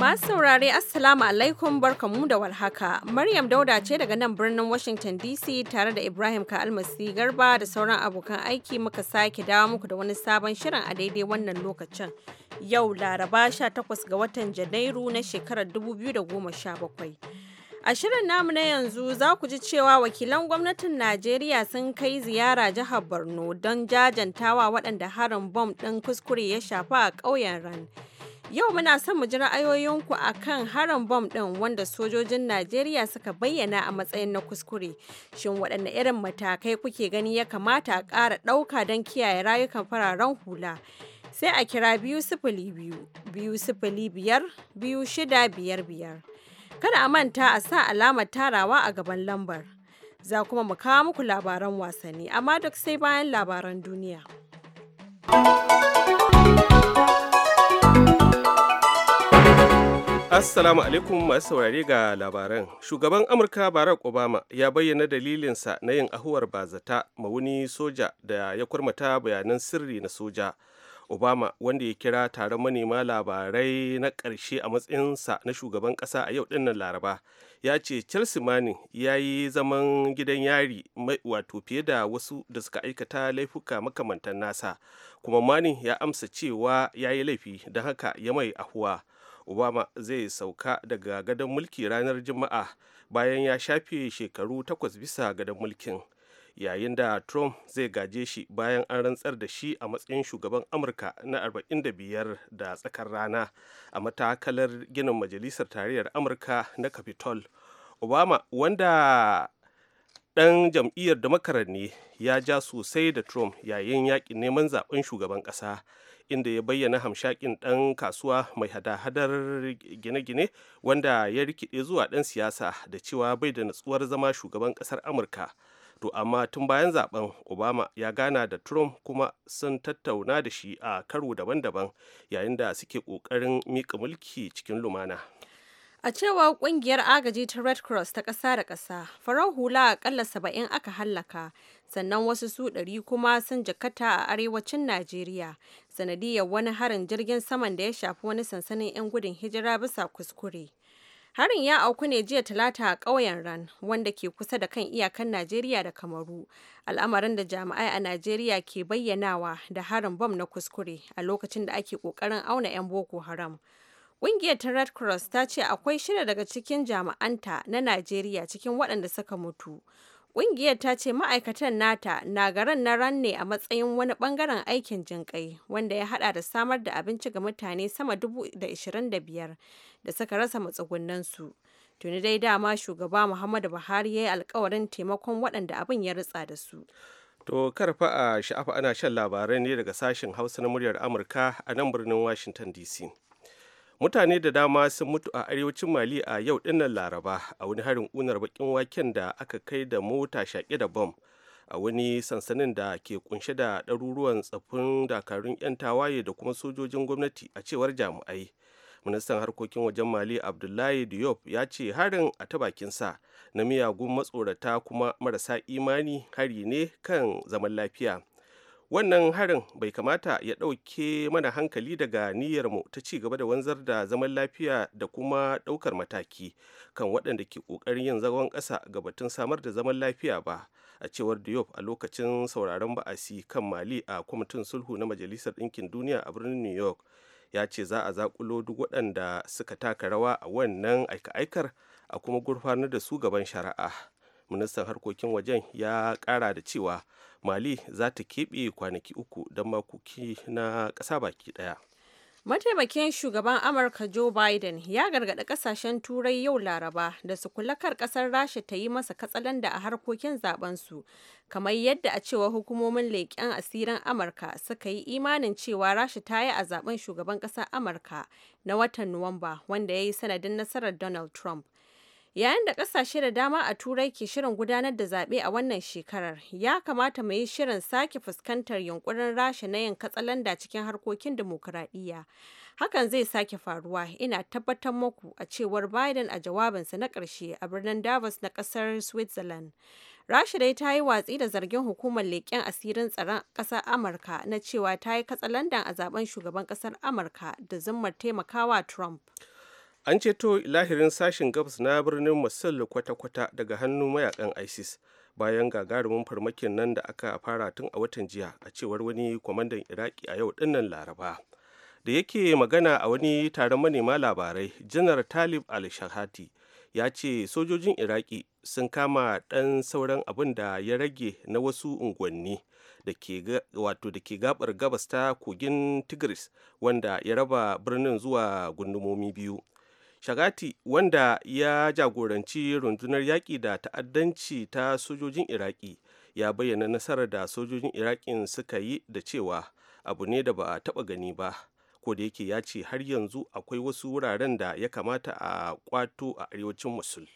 Masu saurare Assalamu alaikum barkamu da warhaka. Maryam Dauda ce daga nan birnin Washington DC tare da Ibrahim Ka'almasi Garba da sauran abokan aiki muka sake dawo muku da wani sabon shirin a daidai wannan lokacin. Yau Laraba 18 ga watan Janairu na shekarar 2017. A shirin namu na yanzu za ku ji cewa wakilan gwamnatin Najeriya sun kai ziyara jihar Borno don jajantawa waɗanda harin bom ɗin kuskure ya shafa a ƙauyen Ran. Yau muna son mu ji ra'ayoyinku a kan harin bom ɗin wanda sojojin Najeriya suka bayyana a matsayin na kuskure. Shin waɗanne irin matakai kuke gani ya kamata a ƙara ɗauka don kiyaye rayukan fararen hula? Sai a kira biyu sifili biyu, biyu sifili biyar, biyu shida biyar biyar. Kada a manta a sa alamar tarawa a gaban lambar. Za kuma mu kawo muku labaran wasanni, amma duk sai bayan labaran duniya. Assalamu alaikum masu saurare ga labaran. Shugaban Amurka Barack Obama ya bayyana dalilinsa na yin ahuwar bazata ma wani soja da ya kurmata bayanan sirri na soja. Obama wanda ya kira taron manema labarai na ƙarshe a matsayinsa na shugaban ƙasa a yau dinnan Laraba ya ce Chelsea Manning ya yi zaman gidan yari wato fiye da wasu da suka aikata laifuka makamantan nasa kuma Manning ya amsa cewa ya yi laifi don haka ya mai ahuwa. obama zai sauka daga gadon mulki ranar juma'a bayan ya shafe shekaru takwas bisa gadon mulkin yayin da trump zai gaje shi bayan an rantsar da shi a matsayin shugaban amurka na 45 da tsakar rana a matakalar ginin majalisar tarayyar amurka na capitol obama wanda dan jam'iyyar da ne ya ja sosai da trump yayin yakin neman zaben shugaban ƙasa. inda ya bayyana hamshakin ɗan kasuwa mai hada-hadar gine-gine wanda ya rikide zuwa ɗan siyasa da cewa bai da natsuwar zama shugaban ƙasar amurka to amma tun bayan zaben obama ya gana da trump kuma sun tattauna da shi a karo daban-daban yayin da suke ƙoƙarin miƙa mulki cikin lumana A cewar kungiyar agaji ta Red Cross ta ƙasa da ƙasa, farar hula akalla saba'in aka hallaka, sannan wasu su ɗari kuma sun jakata a arewacin Najeriya, sanadiyar wani harin jirgin saman da ya shafi wani sansanin 'yan gudun hijira bisa kuskure. Harin ya auku ne jiya talata a ƙauyen Ran, wanda ke kusa da kan iyakan Najeriya da Kamaru, al'amarin da jami'ai a Najeriya ke bayyanawa da harin bom na kuskure a lokacin da ake ƙoƙarin auna 'yan Boko Haram. Ƙungiyar ta Red Cross ta ce akwai shida daga cikin jami'anta na Najeriya cikin waɗanda suka mutu. Ƙungiyar ta ce ma'aikatan nata na garan na ran ne a matsayin wani bangaren aikin jinƙai wanda ya haɗa da samar da abinci ga mutane sama dubu da biyar da suka rasa matsugunansu. Tuni dai dama shugaba Muhammadu Buhari ya yi alkawarin taimakon waɗanda abin ya ritsa da su. To karfa a sha'afa ana shan labarai ne daga sashen Hausa na muryar Amurka a nan birnin Washington DC. mutane da dama sun mutu a arewacin mali a yau dinnan laraba a wani harin unar bakin waken da aka kai da mota shaƙe da bom a wani sansanin da ke kunshe da ɗaruruwan tsaffin dakarun 'yan tawaye da kuma sojojin gwamnati a cewar jami'ai ministan harkokin wajen mali abdullahi diop ya ce harin a ta bakinsa na miyagun matsorata kuma marasa imani hari ne kan zaman lafiya wannan harin bai kamata ya ɗauke mana hankali daga niyyarmu ta ci gaba da wanzar da zaman lafiya da kuma ɗaukar mataki kan waɗanda ke ƙoƙarin yin zagon ƙasa ga batun samar da zaman lafiya ba a cewar diop a lokacin sauraron ba'asi kan mali a kwamitin sulhu na majalisar ɗinkin duniya a birnin new york ya ce za a zakulo duk waɗanda suka taka rawa a wannan aika-aikar a kuma gurfanar da su gaban shari'a ministan harkokin wajen ya kara da cewa mali za ta keɓe kwanaki uku don makoki na ƙasa baki ɗaya mataimakin shugaban amurka joe biden ya gargaɗi ƙasashen turai yau laraba da su kula kar ƙasar rasha ta yi masa katsalan da a harkokin su kamar yadda a cewa hukumomin leƙen asirin amurka suka yi imanin cewa rasha ta yi a zaben shugaban ƙasar amurka na watan nuwamba wanda ya yi sanadin nasarar donald trump Yayin da kasashe da dama a Turai ke shirin gudanar da zaɓe a wannan shekarar, ya kamata mu yi shirin sake fuskantar yunkurin Rasha na yin katsalanda cikin harkokin dimokuraɗiyya. Hakan zai sake faruwa, ina tabbatar muku a cewar Biden a jawabinsa na ƙarshe a birnin Davos na ƙasar Switzerland. Rasha dai ta yi watsi da zargin hukumar leƙen asirin tsaron ƙasar Amurka na cewa ta yi katsalandan a zaben shugaban ƙasar Amurka da zummar taimakawa Trump. an ceto lahirin sashen gabas na birnin musul kwata-kwata daga hannun mayakan isis bayan gagarumin farmakin nan da aka fara tun a watan jiya a cewar wani kwamandan iraki a yau dinnan laraba da yake magana a wani taron manema labarai janar talib al-shahati ya ce sojojin iraki sun kama ɗan sauran abin da ya rage na wasu unguwanni da ke gabar gabas ta kogin tigris wanda ya raba birnin zuwa gundumomi biyu shagati wanda ya jagoranci rundunar yaƙi da ta'addanci ta sojojin iraki ya bayyana nasarar da sojojin iraƙin suka yi da cewa abu ne da ba a taɓa gani ba ko da yake ya ce har yanzu akwai wasu wuraren da ya kamata a kwato a arewacin musul.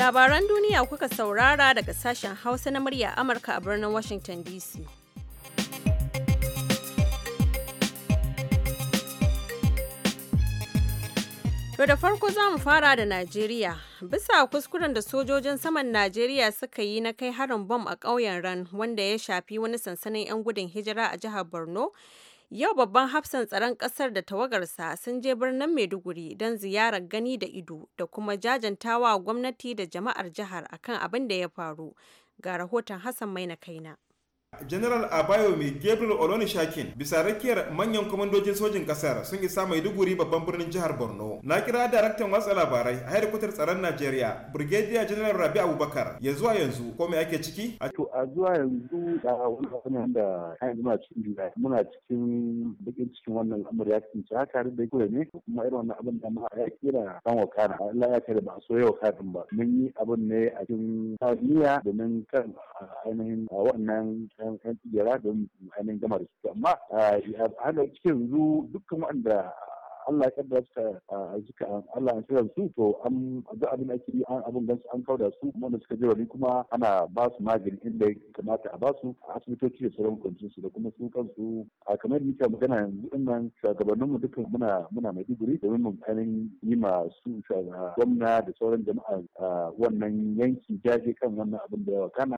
Labaran duniya kuka saurara daga sashen Hausa na murya Amurka a birnin Washington DC. To da farko za mu fara da Najeriya. Bisa kuskuren da sojojin saman Najeriya suka yi na kai harin bom a ƙauyen Ran wanda ya shafi wani sansanin 'yan gudun hijira a jihar Borno. Yau babban hafsan tsaron ƙasar da tawagarsa sun je birnin Maiduguri don ziyarar gani da ido da kuma jajantawa gwamnati da jama'ar jihar akan abin da ya faru. Ga rahoton Hassan Maina Kaina. General Abayo mai Gabriel shakin bisa rakiyar manyan kwamandojin sojin kasar sun isa Maiduguri babban birnin jihar Borno. Na kira daraktan watsa labarai a hedikwatar tsaron Najeriya, Brigadier General Rabi Abubakar ya zuwa yanzu ko me ake ciki? A to a zuwa yanzu da wannan da kan zama cikin juna muna cikin bakin cikin wannan al'amari ya kasance haka da kula ne kuma irin wannan abin da ma ya kira kan wakana Allah ya kare ba so yau kafin ba mun yi abin ne a cikin tariya domin kan ainihin wannan yan tsira da ainihin gama da su amma ah, a halin cikin yanzu dukkan waɗanda Allah ya kaddara suka jika Allah ya tsira su to an duk abin da ake yi an abin gansu an kauda su wanda suka ji rauni kuma ana ba su magani inda ya kamata a ba su a asibitoci da sauran kwanci su da kuma su kansu a kamar yadda magana yanzu din nan mu dukkan muna muna Maiduguri domin mun kanin yi ma su gwamna da sauran jama'a wannan yanki jaje kan wannan abin da kana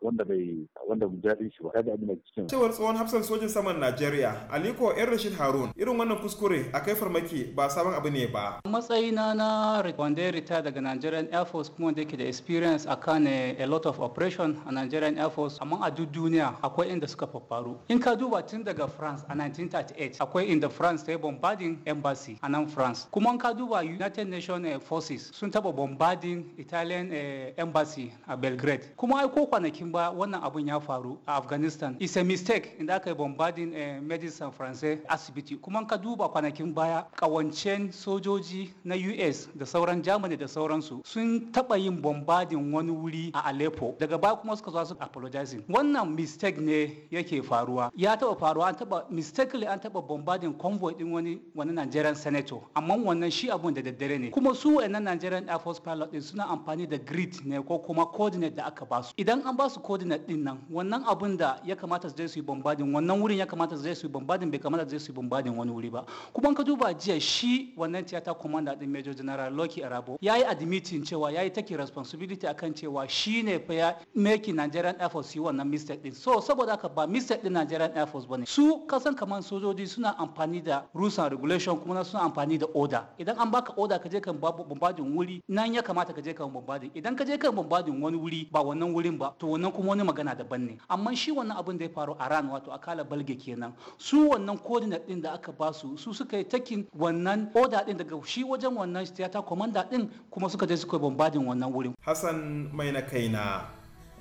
wanda bai wanda mu jaɗin shi ba kaga abin da cikin cewar tsohon hafsan sojin saman Najeriya Aliko Yan Rashid Harun irin wannan kuskure a kai farmaki ba sabon abu ne ba matsayina na wanda ya rita daga nigerian air force kuma da yake da experience akan eh, a lot of operation a nigerian air force amma a duk duniya akwai inda suka faru. in ka duba tun daga france a 1938 akwai inda france ta yi bombarding embassy a nan france kuma ka duba united nations eh, forces sun taba bombarding italian eh, embassy a belgrade kuma ai ko kwanakin ba wannan abun ya faru a afghanistan it's a mistake inda aka yi bombarding medicine france asibiti kuma ka duba kwanakin kwanakin baya kawancen sojoji na US da sauran Germany da sauransu sun taba yin bombardin wani wuri a Aleppo daga baya kuma suka zo su apologizing. Wannan mistake ne yake faruwa. Ya taba faruwa an taba mistakenly an taba bombardin convoy din wani wani Nigerian senator amma wannan shi abun da daddare ne. Kuma su wayannan Nigerian Air Force pilot din suna amfani da grid ne ko kuma coordinate da aka basu. Idan an basu coordinate din nan wannan abun da ya kamata su je su yi bombardin wannan wurin ya kamata su je su yi bombardin bai kamata su je su yi bombardin wani wuri ba. Kuma ka duba jiya shi wannan tiyata komanda din major general Loki Arabo ya yi admitting cewa ya yi take responsibility akan cewa shi ne fa ya make Nigerian Air Force yi wannan mistake din so saboda haka ba mistake din Nigerian Air Force ne su kasan kaman sojoji suna amfani da rules and regulation kuma suna amfani da order idan an baka order ka je kan bombardin wuri nan ya kamata ka je kan bombardin idan ka je kan bombardin wani wuri ba wannan wurin ba to wannan kuma wani magana daban ne amma shi wannan abin da ya faru a ran wato akala balge kenan su wannan coordinate din da aka basu su suka yi yi takin wannan oda din daga shi wajen wannan theater commander din kuma suka je suka bombardin wannan wurin hassan mai na kai na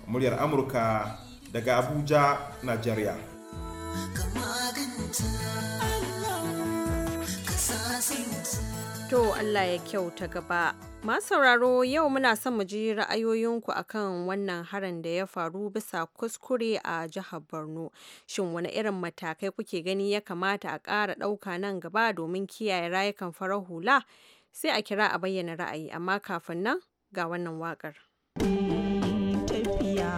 muryar amurka daga abuja nigeria To Allah ya kyauta gaba. Ma sauraro yau muna son mu ji ra'ayoyinku akan wannan harin da ya faru bisa kuskure a jihar Borno. Shin wani irin matakai kuke gani ya kamata a ƙara ɗauka nan gaba domin kiyaye rayukan farar hula? Sai a kira a bayyana ra'ayi, amma kafin nan ga wannan waƙar. Tafiya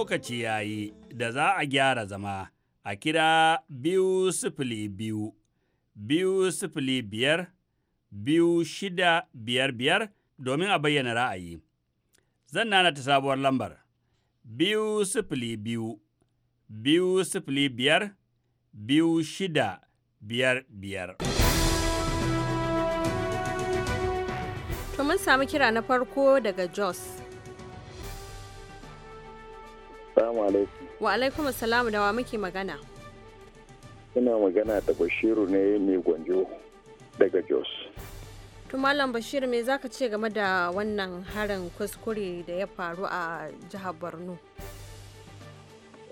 lokaci ya yi da za a gyara zama a kira biyu sifili biyu, biyu sifili biyar, biyu shida biyar biyar domin a bayyana ra'ayi. Zan nana ta sabuwar lambar, biyu sifili biyu, biyu sifili biyar, biyu shida biyar biyar. Tumin mun samu kira na farko daga Jos. Assalamu alaikum. da wa muke magana. Ina magana da Bashiru ne mai gwanjo daga Jos. Malam Bashir me zaka ce game da wannan harin kuskure da ya faru a jihar Borno?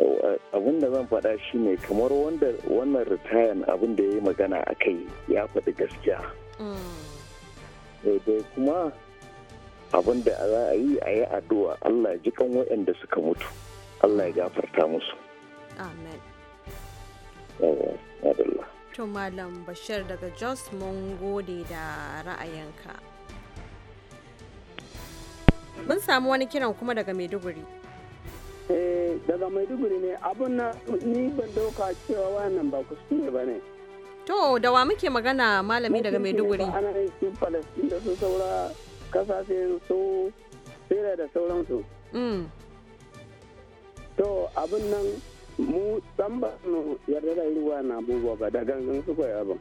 Oh, abin da zan faɗa ne kamar wannan ritayan abin da ya yi magana a kai ya faɗi gaskiya. Mm. Eh, dai kuma abin da za a yi a yi addu'a Allah jikan kan waɗanda suka mutu. Allah ya gafarta musu amen to malam bashir daga jos mun gode da ra'ayinka mun samu wani kiran kuma daga maiduguri Eh, daga maiduguri ne abin na ni ban dauka cewa wannan ba ne ba ne to da wa muke magana malami daga maiduguri ana yin palestin da su saura kasashen su sira da sauransu mm. to abin nan mu san ba mu yarda da ruwa na abubuwa ba da gangan suka yi abin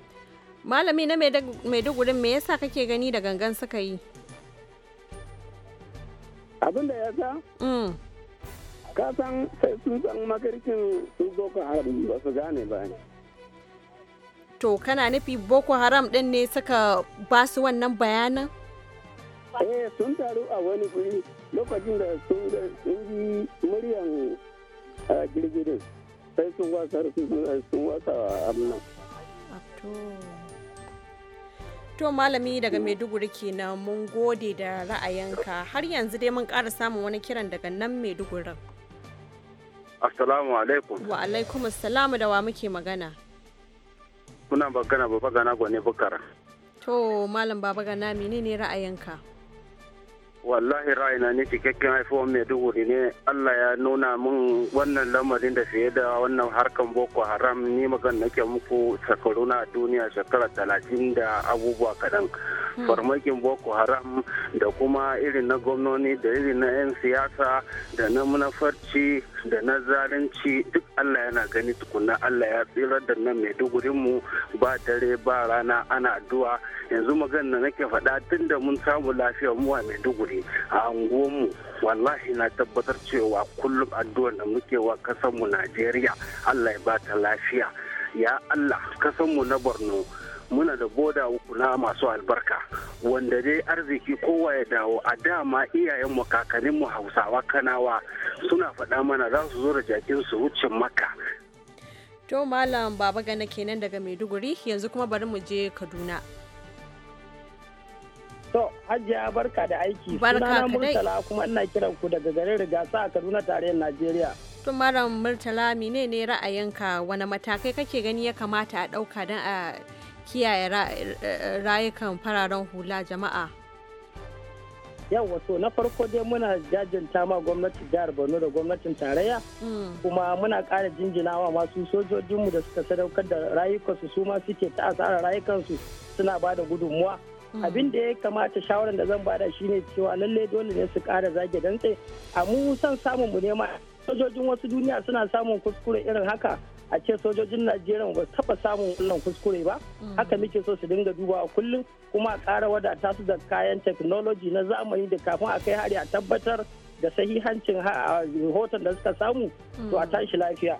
malami na maidugurin me yasa kake gani da gangan suka yi abin da ya sa mm. ka san sai sun san makarkin su boko haram ba su gane ba to kana nufi boko haram din ne suka ba su wannan bayanan eh sun taru a wani guri lokacin da sun yi muryan girgirin sai sun wasa sun wasa amina To malami daga Maiduguri kenan mun gode da ra'ayinka har yanzu dai mun ƙara samun wani kiran daga nan Maiduguri. Assalamu alaikum. Wa alaikum assalamu da wa muke magana. Muna magana baba gana gwane bukara. To malam baba gana menene ra'ayinka? wallahi ra'ina ne cikakken haifuwan maiduguri ne allah ya nuna mun wannan lamarin da fiye da wannan harkan boko haram ne magan nake muku shekaru na duniya shekara talatin da abubuwa kaɗan farmakin boko haram da kuma irin na gwamnoni da irin na 'yan siyasa da na munafarci da na zalunci duk allah yana gani tukuna allah ya tsirar da nan mai mu ba dare ba rana ana addu'a yanzu magana nake faɗa tun da mun samu lafiya mu a duguri a mu wallahi na tabbatar cewa kullum addu'ar da muke wa kasanmu najeriya allah ya ba ta lafiya ya allah kasanmu na borno muna da boda na masu albarka wanda dai arziki kowa ya dawo a dama iyayenmu kakanninmu hausawa kanawa suna faɗa mana za su zo da jakin su wucin maka to malam baba gana kenan daga maiduguri yanzu kuma bari mu je kaduna To, Hajiya barka da aiki. Barka kadai kuma ina kiran ku daga garin Rigasa a Kaduna tarayyar Najeriya. To, Murtala menene ra'ayinka wani matakai kake gani ya kamata a ɗauka dan a kiyaye rayukan fararen hula jama'a yau wato na farko dai muna jajinta ma gwamnati jihar borno da gwamnatin tarayya hmm. kuma muna ƙara jinjinawa masu sojojinmu da suka sadaukar da rayukansu su ma suke ta asarar rayukansu suna ba da gudunmuwa hmm. abin da ya kamata shawarar da zan bada shine cewa lalle dole ne su kara zage dantse a mu san samun mu ma. sojojin wasu duniya suna samun kuskure irin haka a ce sojojin najeriya ba taba samun wannan kuskure ba mm. haka muke so su dinga duba a kullum kuma a kara wadata su da kayan technology na zamani da kafin a kai hari a tabbatar da sahihancin rahoton da suka samu to a mm. tashi lafiya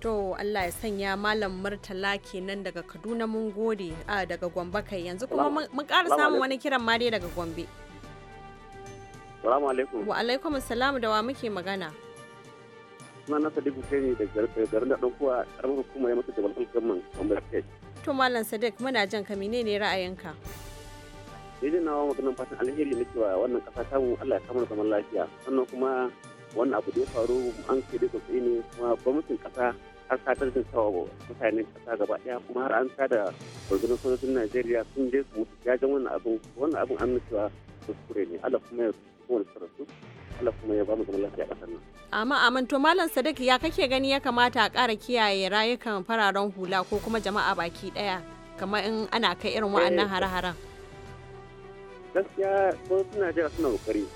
to Allah ya sanya malam murtala kenan daga Kaduna mun gode a daga Gombe kai yanzu kuma mun ƙara samun wani kiran ma dai daga Gombe Salamu alaikum. Wa alaikum salamu da wa muke magana. suna sadiq hussein da garin da ɗaukuwa ƙaramar hukumar ya masa jabal gamman kwamar state to malam sadiq muna jan ka ne ra'ayinka daidai na wa maganin fatan alheri na cewa wannan ƙasa ta mu allah ya kama zaman lafiya sannan kuma wannan abu da ya faru an ke da sosai ne kuma gwamnatin ƙasa har ta tarjin sawa mutanen ƙasa gaba ɗaya kuma har an da rundunar sojojin najeriya sun je su mutu ya jan wannan abu wannan abin an cewa kuskure ne allah kuma ya kowane sarrafa Allah kuma ya ba mu zaman lafiya a nan. Amma Malam Sadiq ya kake gani ya kamata a ƙara kiyaye rayukan fararen hula ko kuma jama'a baki ɗaya kamar in ana kai irin eh, wa'annan hare-haren. Gaskiya ko suna jira suna kokari.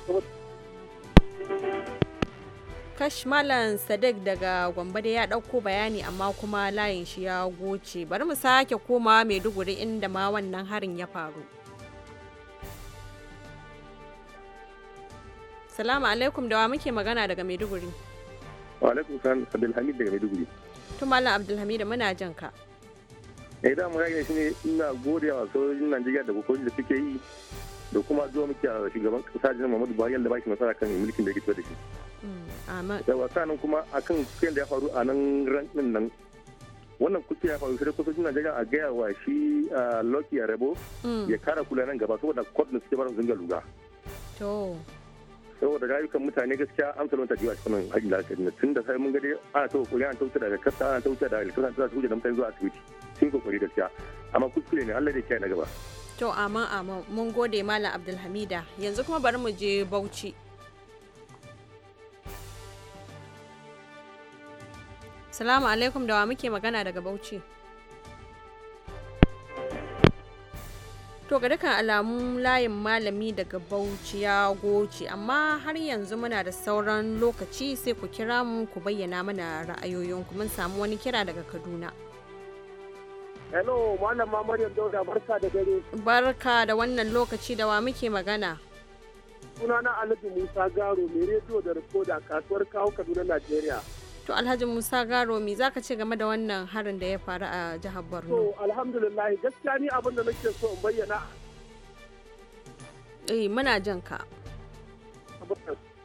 Kash Malam Sadiq daga Gombe da ya ɗauko bayani amma kuma layin shi ya goce. Bari mu sake koma Maiduguri inda ma wannan harin ya faru. Salamu alaikum da wa muke magana daga Maiduguri. Wa alaikum salam Abdulhamid daga Maiduguri. Tun Malam Abdulhamid muna jan ka. Eh da mu rage shine ina gode wa sojojin Najeriya da kokarin da suke yi da kuma zuwa muke a shugaban kasa Janar Muhammadu Buhari da baki nasara kan mulkin da yake tafiya da shi. Da wasa nan kuma akan kiyan da ya faru a nan ran din nan wannan kuke ya faru sai kusurcin najeriya a gaya wa shi loki ya rabo ya kara kula nan gaba saboda kwadin suke barin zunga luga to saboda rayukan mutane gaskiya an lantarki jiwa cikin nan hajji lafiyar nan tun da sai mun gade ana ta kokari ana tausa daga kasa ana tausa daga kasa ta su da mutane zuwa asibiti sun kokari gaskiya amma kuskure ne Allah da kiyaye na gaba to amma amma mun gode malam Abdulhamida yanzu kuma bari mu je Bauchi Salamu alaikum da wa muke magana daga Bauchi. to ga dukkan alamun layin malami daga bauchi ya goce amma har yanzu muna da sauran lokaci sai ku kira mu ku bayyana mana ra'ayoyinku mun samu wani kira daga kaduna hello malama maryam dauda barka da dare barka da wannan lokaci da wa muke magana sunana alhaji musa garo mai rediyo da rikoda kasuwar kawo kaduna najeriya To Alhaji Musa Garo me ka ce game da wannan harin da ya faru a jihar Borno? To alhamdulillah gaskiya ni abin da nake so in bayyana. Eh muna jan ka.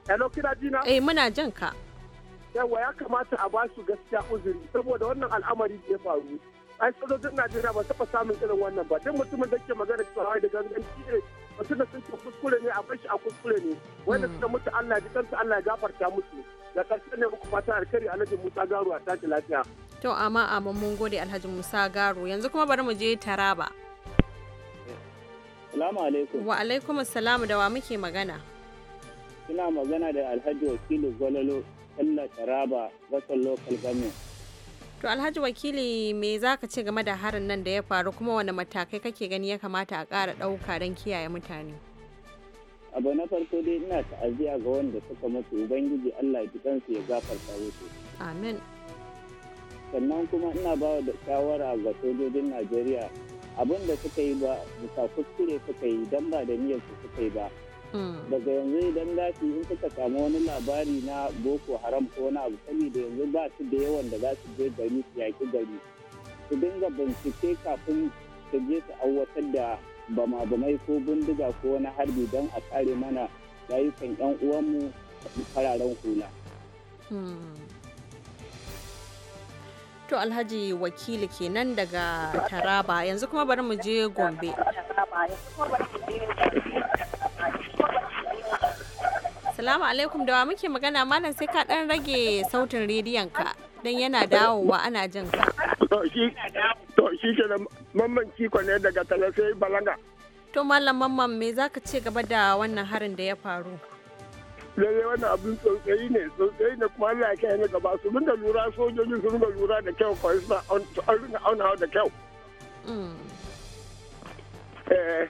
Hello kina ji na? Eh muna jan ka. Yawa ya kamata a basu gaskiya uzuri saboda wannan al'amari da ya faru. ai sojojin najeriya ba taɓa samun irin wannan ba duk mutumin da ke magana cewa da ganganci ne mutum da sun ce kuskure ne a shi a kuskure ne wanda suka mutu allah ji kansu allah ya gafarta musu da karshen ne muku fata a alhaji musa garu a tashi lafiya to amma amma mun gode alhaji musa garu yanzu kuma bari mu je taraba salamu alaikum wa alaikum assalamu da wa muke magana ina magana da alhaji wakilu gwalolo Allah taraba gasar local government to alhaji wakili me za ka ce game da harin nan da ya faru kuma wani matakai kake gani ya kamata a ƙara ɗauka don kiyaye mutane abu na farko dai ina ta'aziyya ga wanda suka mutu ubangiji allah ya kansu ya gafarta musu amen sannan kuma ina ba da shawara ga sojojin najeriya abin da suka yi ba bisa kuskure suka yi dan ba da niyyar su suka yi ba hmm. daga yanzu idan za su in suka samu wani labari na boko haram ko wani abu da yanzu ba su da yawan da za su je gari su yaki gari su dinga bincike kafin su je su auwatar da bama-bamai ko bindiga ko wani harbi don a kare mana rayukan 'yan uwanmu fararen hula. Hmm. To Alhaji wakili kenan daga Taraba yanzu kuma bari mu je Gombe. Salamu alaikum da wa muke magana malam sai ka dan rage sautin rediyon ka dan yana dawowa ana jin ka. mamman kiko ne daga talafe balanga to mallam mamman me za ka ce gaba da wannan harin da ya faru lalle wannan abin sosai ne sosai ne kuma Allah ya kai ne gaba su ringa lura sojojin su ringa lura da kyau kawai suna ringa auna da kyau mm. eh.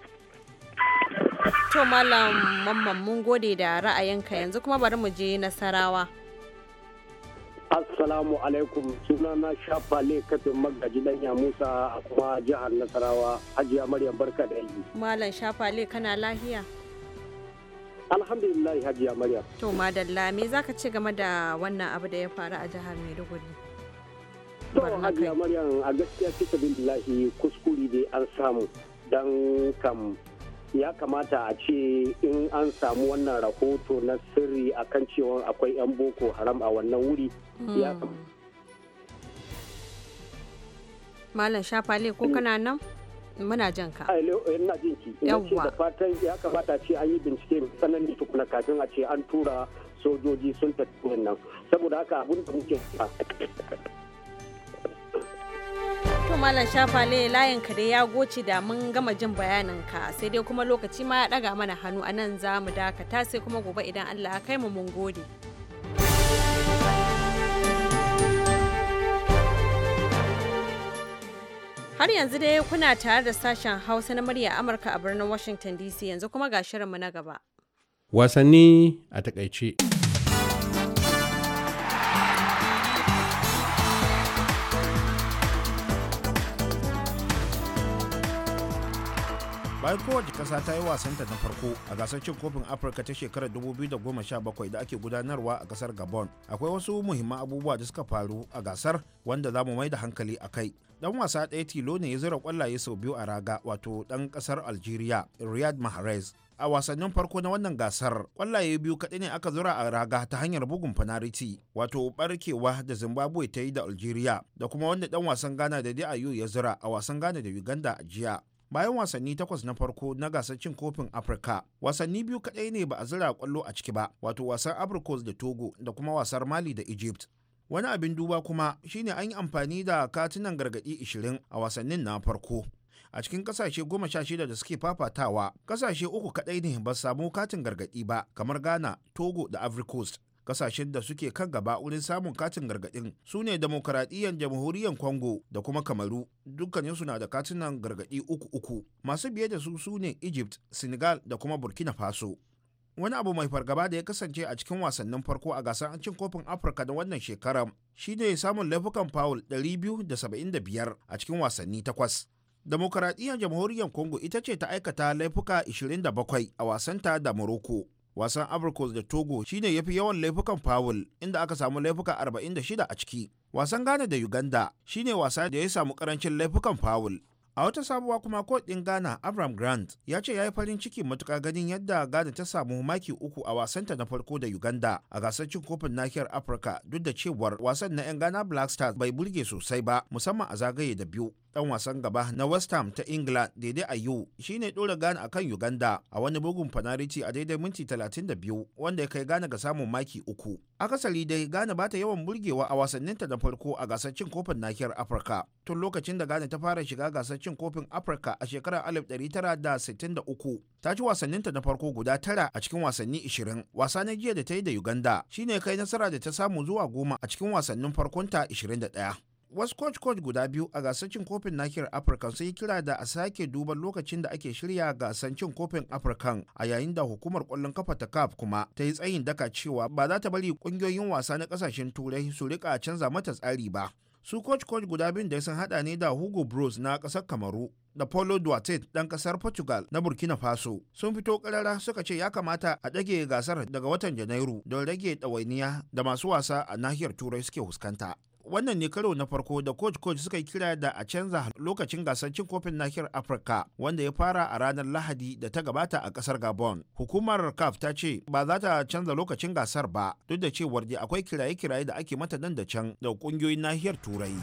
to malam mamman mun gode da ra'ayinka yanzu kuma bari mu je nasarawa Assalamu alaikum sunana shafa ne kafin magaji danya Musa a kuma jihar Nasarawa Hajiya Maryam barka da yi. Malam shafa ne kana lahiya? Alhamdulillah Hajiya Maryam. To madalla me zaka ce game da wannan abu da ya faru a jihar Maiduguri? To Hajiya Maryam a gaskiya kisa lahi kuskuri dai an samu dan kam ya kamata a ce in an samu wannan rahoto na sirri akan cewa akwai 'yan boko haram a wannan wuri hmm. ya malam shafale ko kana nan muna jan ka eh, ina jin ki da fatan ya kamata ce an yi bincike mai tsanani tukuna kafin a ce an tura sojoji sun tafi nan saboda haka abin da muke to malam shafale layin ka dai ya goce da mun gama jin bayanin ka sai dai kuma lokaci ma ya daga mana hannu a nan za mu dakata sai kuma gobe idan Allah ya kai mu mun gode. Har yanzu dai kuna tare da sashen Hausa na murya Amurka a birnin Washington DC yanzu kuma ga shirinmu na gaba. Wasanni a takaice. bayan kowace ƙasa ta yi wasanta na farko a gasar cin kofin afirka ta shekarar 2017 da ake gudanarwa a kasar gabon akwai wasu muhimman abubuwa da suka faru a gasar wanda za mu mai da hankali a kai dan wasa ɗaya tilo ne ya zira kwallaye sau biyu a raga wato ɗan ƙasar algeria riyad mahrez a wasannin farko na wannan gasar kwallaye biyu kaɗai ne aka zura a raga ta hanyar bugun fanariti wato barkewa da zimbabwe ta yi da algeria da kuma wanda ɗan wasan ghana da diayu ya zura a wasan ghana da uganda a jiya bayan wasanni takwas na farko na gasar cin kofin afirka wasanni biyu kadai ne ba a zira kwallo a ciki ba wato wasan africos da togo da kuma wasar mali da egypt wani abin duba kuma shine an yi amfani da katunan gargadi 20 a wasannin na farko a cikin kasashe goma sha shida da suke fafatawa kasashe uku kadai ne ba samu katin gargadi ba kamar ghana togo da ivory kasashen da suke kan gaba wurin samun katin gargadin su ne demokaradiyyar jamhuriyar kongo da kuma kamaru dukkaninsu na da katunan gargadi uku uku masu biye da su su ne egypt senegal da kuma burkina faso wani abu mai fargaba da ya kasance a cikin wasannin farko a gasar cin kofin afirka na wannan shekarar shine samun laifukan foul 275 a cikin wasanni takwas demokaradiyyar jamhuriyar congo ita ce ta aikata laifuka 27 a wasanta da morocco wasan abrikos da togo shine ya fi yawan laifukan fawul inda aka samu laifuka 46 a ciki wasan ghana da uganda shine wasa da ya samu karancin laifukan fawul a wata sabuwa kuma kodin ghana abraham grant ya ce ya yi farin ciki matuka ganin yadda ghana ta samu maki uku a wasanta na farko da uganda a gasar cin kofin nahiyar afirka duk da cewar wasan na 'yan ghana black stars bai burge sosai ba musamman a zagaye da biyu dan wasan gaba na west ham ta England daidai a ayu shine dora gana a kan uganda a wani bugun fanarici a daidai minti 32 wanda ya kai gana ga samun maki uku akasari dai gana bata yawan burgewa a wasanninta na farko a gasar cin kofin nahiyar afirka tun lokacin da gana ta fara shiga gasar cin kofin afirka a shekarar 1963 ta ci wasanninta na farko guda tara a cikin wasanni 20 wasa na jiya da ta yi da uganda shine kai nasara da ta samu zuwa goma a cikin wasannin farkonta 21 wasu coach-coach guda biyu a gasar cin kofin nahiyar afirka sun yi kira da a sake duban lokacin da ake shirya gasar cin kofin afirkan a yayin da hukumar kwallon kafa ta caf kuma ta yi tsayin daka cewa ba za ta bari kungiyoyin wasa na kasashen turai su rika canza mata tsari ba su coach-coach guda biyun da sun hada ne da hugo bros na kasar kamaru da Paulo Duarte ɗan kasar Portugal na Burkina Faso sun fito ƙarara suka ce ya kamata a ɗage gasar daga watan Janairu don rage ɗawainiya da masu wasa a nahiyar Turai suke fuskanta. wannan ne karo na farko da coach coach suka yi kira da a canza lokacin gasar cin kofin nahiyar afirka wanda ya fara a ranar lahadi da ta gabata a kasar gabon hukumar caf ta ce ba za ta canza lokacin gasar ba duk da cewar da akwai kiraye-kiraye da ake mata nan da can da ƙungiyoyin nahiyar turai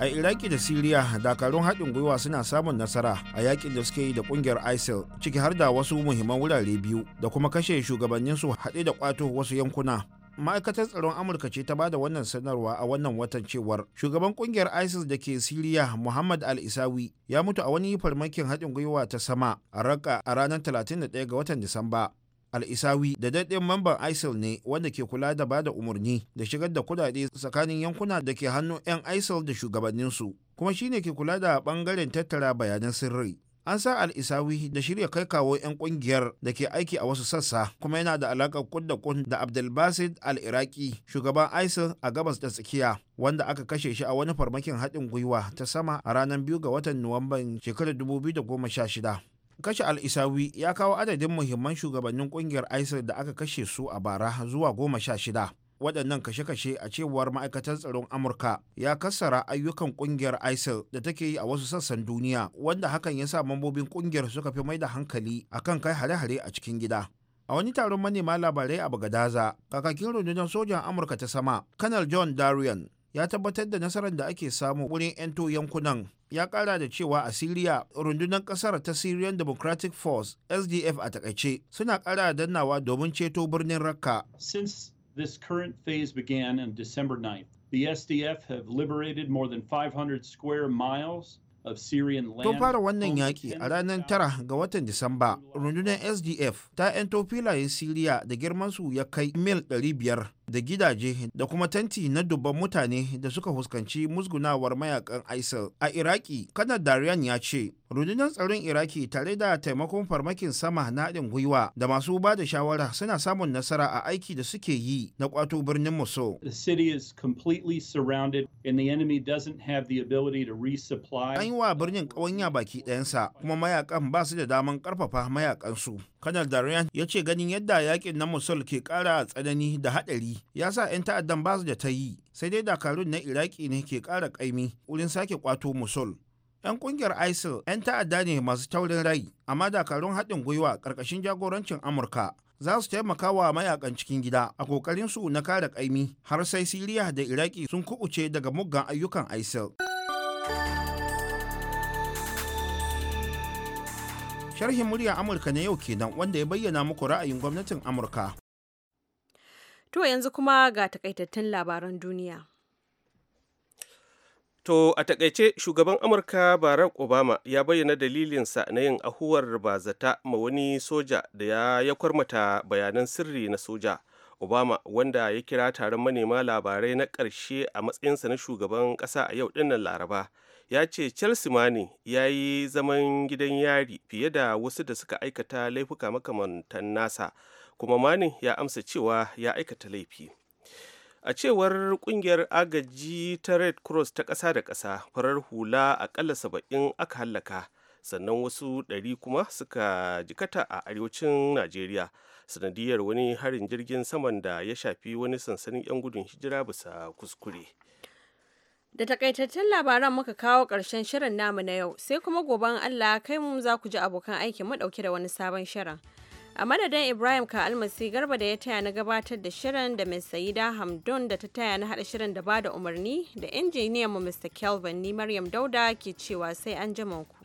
a iraki da siriya dakarun haɗin gwiwa suna samun nasara a yakin da suke yi da ƙungiyar isil ciki har da wasu muhimman wurare biyu da kuma kashe shugabannin su haɗe da kwato wasu yankuna ma'aikatar tsaron amurka ce ta ba da wannan sanarwa a wannan watan cewar shugaban kungiyar isis da ke siriya muhammad al-isawi ya mutu a wani farmakin haɗin gwiwa ta sama a raka a ranar 31 ga watan disamba al-isawi da daɗin mamban isil ne wanda ke kula da bada umarni da shigar da kudade tsakanin yankuna da ke hannu 'yan isil da shugabanninsu kuma shine ke kula da bangaren tattara bayanan sirri an sa al-isawi da shirya kai kawo 'yan kungiyar da ke aiki a wasu sassa kuma yana da alaƙar kun da kun da abdulbasid al-iraki shugaban isil a gabas da tsakiya wanda aka kashe shi a wani farmakin haɗin gwiwa ta sama a ranar biyu ga watan nuwamban shekarar 2016 kashe al'isawi ya kawo adadin muhimman shugabannin kungiyar isil da aka kashe su a bara zuwa goma sha shida waɗannan kashe-kashe a cewar ma'aikatar tsaron amurka ya kassara ayyukan kungiyar isil da take yi a wasu sassan duniya wanda hakan ya sa mambobin ƙungiyar suka fi mai da hankali akan kai hare-hare a cikin gida a wani taron manema labarai a bagadaza kakakin rundunar sojan amurka ta sama kanal john darian ya tabbatar da nasarar da ake samu wurin 'yanto yankunan ya kara da cewa a siriya rundunar kasar ta syrian democratic force sdf a takaice suna kara dannawa domin ceto birnin Raqqa. since this current phase began on december 9th the sdf have liberated more than 500 square miles Tun fara wannan yaƙi a ranar tara ga watan Disamba, rundunar SDF ta 'yan filayen Siriya da girmansu ya kai mil 500 da gidaje da kuma tanti na dubban mutane da suka fuskanci musgunawar mayakan isil a iraki kanar darian ya ce rundunar tsaron iraki tare da taimakon farmakin sama na haɗin gwiwa da masu ba da shawara suna samun nasara a aiki da suke yi na kwato birnin mosul an yi wa birnin ƙawanya baki ɗayansa kuma mayakan ba su da daman ƙarfafa mayakansu Kanal Darian ya ce ganin yadda yakin na Mosul ke kara tsanani da hadari ya sa 'yan ta'addan ba su da ta yi sai dai dakarun na Iraki ne ke kara kaimi wurin sake kwato Mosul. 'Yan kungiyar ISIL 'yan ta'adda ne masu taurin rai amma dakarun haɗin gwiwa ƙarƙashin jagorancin Amurka za su taimaka wa mayakan cikin gida a kokarin su na kara kaimi har sai Siriya da Iraki sun kubuce daga muggan ayyukan ISIL. sharhin murya amurka na yau kenan wanda ya bayyana muku ra'ayin gwamnatin amurka to yanzu kuma ga takaitattun labaran duniya To a takaice shugaban Amurka Barack Obama ya bayyana dalilinsa na yin ahuwar bazata ma wani soja da ya ya kwarmata bayanan sirri na soja. Obama wanda ya kira taron manema labarai na ƙarshe a matsayinsa na shugaban ƙasa a yau dinnan Laraba ya ce chelsea mani ya yi zaman gidan yari fiye da wasu da suka aikata laifuka makamantan nasa kuma mani ya amsa cewa ya aikata laifi a cewar kungiyar agaji ta red cross ta kasa da kasa farar hula akalla saba'in aka hallaka sannan wasu ɗari kuma suka jikata a arewacin najeriya sanadiyar wani harin jirgin saman da ya shafi wani sansanin 'yan gudun hijira bisa kuskure Da takaitattun labaran muka kawo ƙarshen shirin namu na yau, sai kuma goben Allah kai mu za ku ji abokan aikin mu ɗauke da wani sabon shirin. A madadin Ibrahim ka almasi garba da ya taya na gabatar da shirin da mai saida Hamdun da ta taya na haɗa shirin da bada umarni da injiniyan mu Mr. Kelvin ni Maryam Dauda ke cewa sai an jima ku.